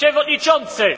przewodniczący!